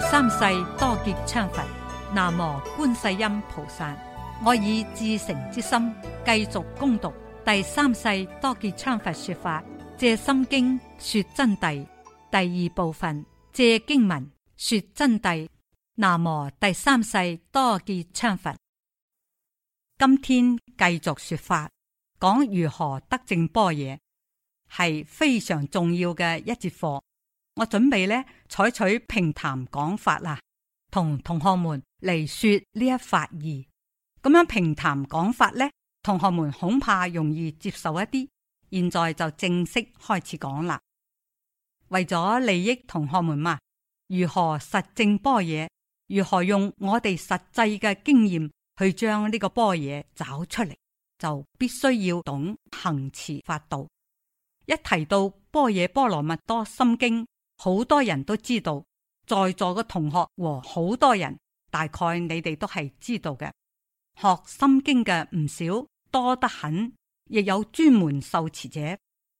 第三世多杰羌佛，南無觀世音菩薩。我以至誠之心繼續攻讀第三世多杰羌佛說法，借心經說真諦第二部分，借經文說真諦。南無第三世多杰羌佛，今天繼續說法，講如何得正般若，係非常重要嘅一節課。我準備呢採取平談講法啊，同同學們嚟說呢一法義。咁樣平談講法呢，同學們恐怕容易接受一啲。現在就正式開始講啦。為咗利益同學們嘛，啊，如何實證般若？如何用我哋實際嘅經驗去將呢個般若找出嚟？就必須要懂行持法道。一提到般若波羅蜜多心經。好多人都知道，在座嘅同學和好多人，大概你哋都係知道嘅。學心經嘅唔少，多得很，亦有專門受持者，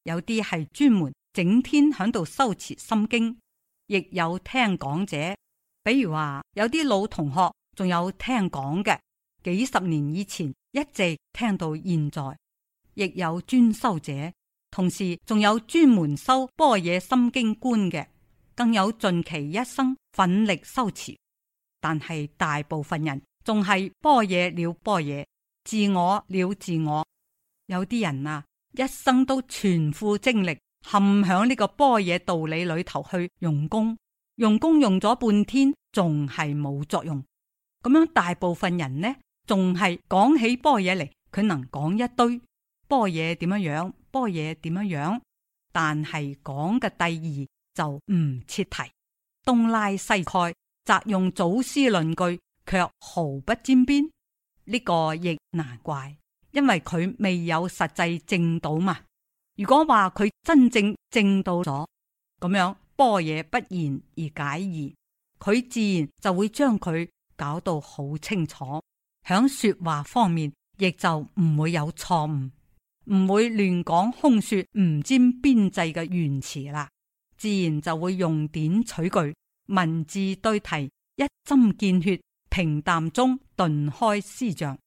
有啲係專門整天響度修持心經，亦有聽講者，比如話有啲老同學，仲有聽講嘅，幾十年以前一直聽到現在，亦有專修者。同時仲有專門修般若心經觀嘅，更有盡其一生奮力修持，但係大部分人仲係般若了般若，自我了自我。有啲人啊，一生都全副精力陷響呢個般若道理裏頭去用功，用功用咗半天仲係冇作用。咁樣大部分人呢，仲係講起般若嚟，佢能講一堆般若點樣樣。波嘢點樣樣，但係講嘅第二就唔切題，東拉西蓋，摘用祖師論據，卻毫不沾邊。呢個亦難怪，因為佢未有實際證到嘛。如果話佢真正證到咗，咁樣波嘢不言而解疑，而佢自然就會將佢搞到好清楚，響說話方面亦就唔會有錯誤。唔會亂講空說，唔沾邊際嘅原詞啦，自然就會用典取句，文字對題，一針見血，平淡中頓開思象。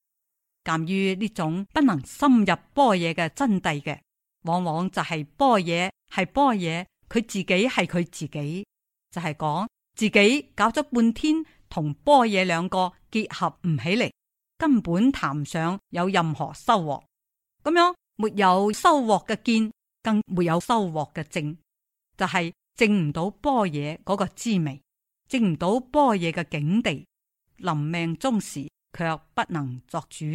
鑒於呢種不能深入般若嘅真諦嘅，往往就係般若係般若，佢自己係佢自己，就係、是、講自己搞咗半天，同般若兩個結合唔起嚟，根本談上有任何收穫，咁樣。沒有收穫嘅見，更沒有收穫嘅證，就係證唔到般若嗰個滋味，證唔到般若嘅境地。臨命終時，卻不能作主，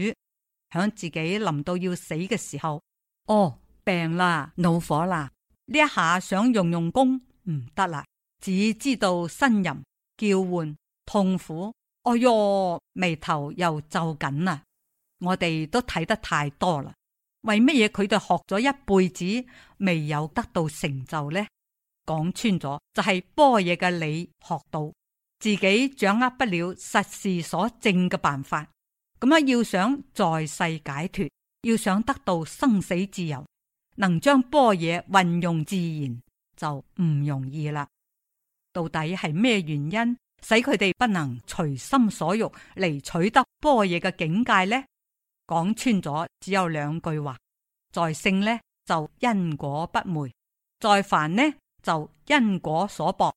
響自己臨到要死嘅時候，哦，病啦，怒火啦，呢一下想用用功唔得啦，只知道呻吟、叫喚、痛苦。哦，哎喲，眉頭又皺緊啦。我哋都睇得太多啦。為乜嘢佢哋學咗一輩子未有得到成就呢？講穿咗就係般若嘅理學到自己掌握不了實事所證嘅辦法，咁樣要想在世解脫，要想得到生死自由，能將般若運用自然就唔容易啦。到底係咩原因使佢哋不能隨心所欲嚟，取得般若嘅境界呢？講穿咗只有兩句話，在聖咧就因果不昧，在凡咧就因果所薄。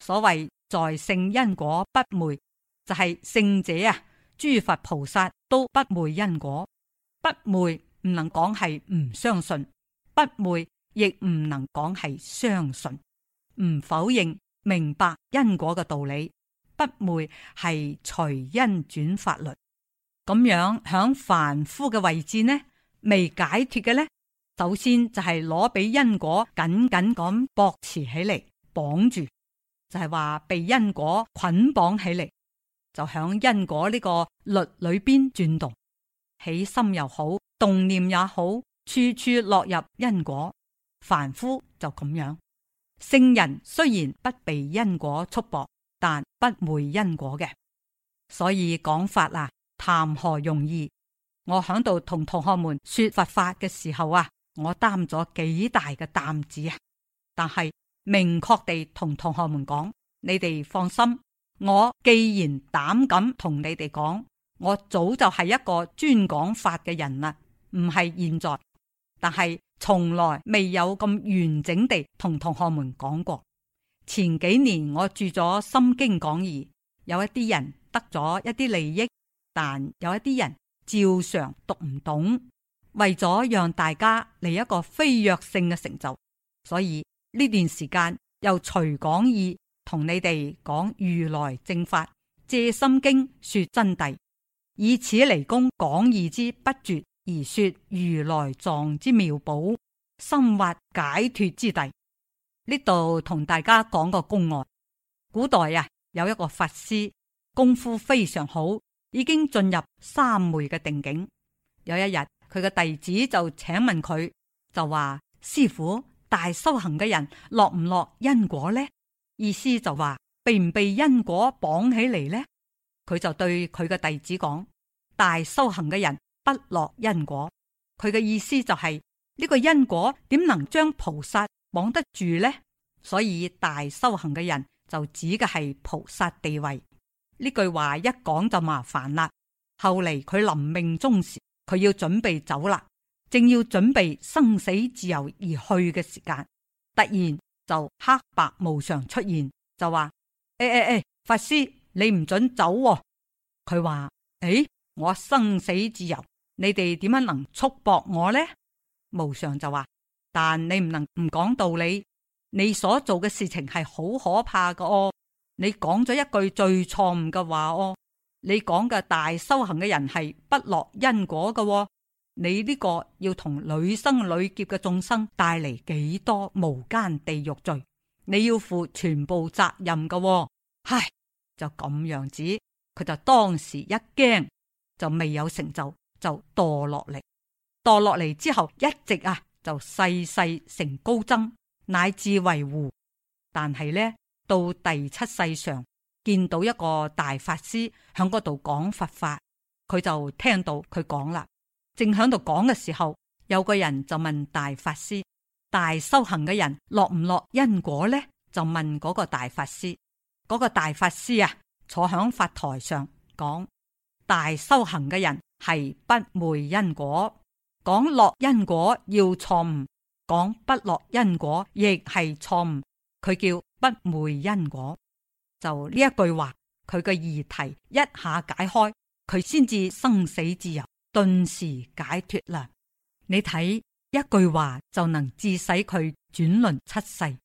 所謂在聖因果不昧，就係聖者啊，諸佛菩薩都不昧因果。不昧唔能講係唔相信，不昧亦唔能講係相信，唔否認明白因果嘅道理，不昧係隨因轉法律。咁樣喺凡夫嘅位置呢？未解脱嘅呢？首先就係攞俾因果緊緊咁駁持起嚟，綁住就係話被因果捆綁起嚟，就響因果呢個律裏邊轉動，起心又好，動念也好，處處落入因果。凡夫就咁樣，聖人雖然不被因果束縛，但不昧因果嘅，所以講法啊。談何容易！我響度同同學們說佛法嘅時候啊，我擔咗幾大嘅擔子啊。但係明確地同同學們講，你哋放心，我既然膽敢同你哋講，我早就係一個專講法嘅人啦，唔係現在，但係從來未有咁完整地同同學們講過。前幾年我住咗《心經講義》，有一啲人得咗一啲利益。但有一啲人照常讀唔懂，為咗讓大家嚟一個飛躍性嘅成就，所以呢段時間由隨講義同你哋講如來正法，借心經說真諦，以此嚟供講義之不絕，而說如來藏之妙寶，深挖解脫之諦。呢度同大家講個公案，古代啊有一個法師功夫非常好。已經進入三昧嘅定境。有一日，佢嘅弟子就請問佢，就話：師父，大修行嘅人落唔落因果呢？意思就話被唔被因果綁起嚟呢？佢就對佢嘅弟子講：大修行嘅人不落因果。佢嘅意思就係呢個因果點能將菩薩綁得住呢？所以大修行嘅人就指嘅係菩薩地位。呢句話一講就麻煩啦。後嚟佢臨命終時，佢要準備走啦，正要準備生死自由而去嘅時間，突然就黑白無常出現，就話：誒誒誒，法師你唔准走哦！佢話：誒，哎，我生死自由，你哋點樣能束縛我呢？無常就話：但你唔能唔講道理，你所做嘅事情係好可怕嘅哦。你講咗一句最錯誤嘅話哦！你講嘅大修行嘅人係不落因果嘅，哦，你呢個要同女生女劫嘅眾生帶嚟幾多無間地獄罪？你要負全部責任嘅，哦，唉，就咁樣子，佢就當時一驚，就未有成就，就墮落嚟，墮落嚟之後一直啊就世世成高僧，乃至維護，但係呢。到第七世上見到一個大法師響嗰度講佛法，佢就聽到佢講啦。正響度講嘅時候，有個人就問大法師：大修行嘅人落唔落因果呢？就問嗰個大法師。嗰個大法師啊，坐響法台上講：大修行嘅人係不昧因果，講落因果要錯誤，講不落因果亦係錯誤。佢叫。不昧因果，就呢一句話，佢嘅疑題一下解開，佢先至生死自由，頓時解脫啦。你睇一句話就能致使佢轉輪出世，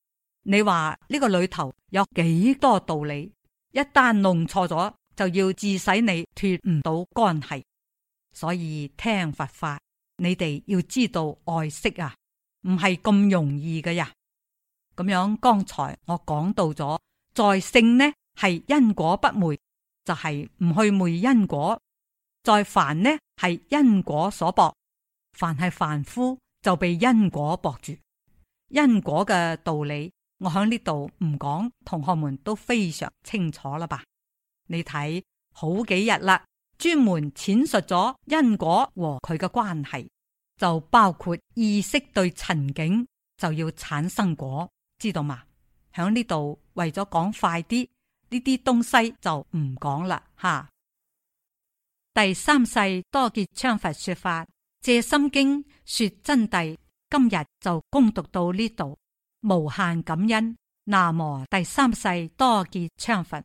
你話呢、這個裏頭有幾多道理？一旦弄錯咗，就要致使你脫唔到干係。所以聽佛法，你哋要知道愛惜啊，唔係咁容易嘅呀、啊。咁樣，剛才我講到咗，在聖呢係因果不昧，就係、是、唔去昧因果；在凡呢係因果所搏，凡係凡夫就被因果搏住。因果嘅道理，我喺呢度唔講，同學們都非常清楚啦吧？你睇好幾日啦，專門闡述咗因果和佢嘅關係，就包括意識對情景，就要產生果。知道嘛？響呢度為咗講快啲，呢啲東西就唔講啦吓。哈，第三世多杰羌佛說法《藉心經》說真諦，今日就恭讀到呢度。無限感恩，南無第三世多杰羌佛。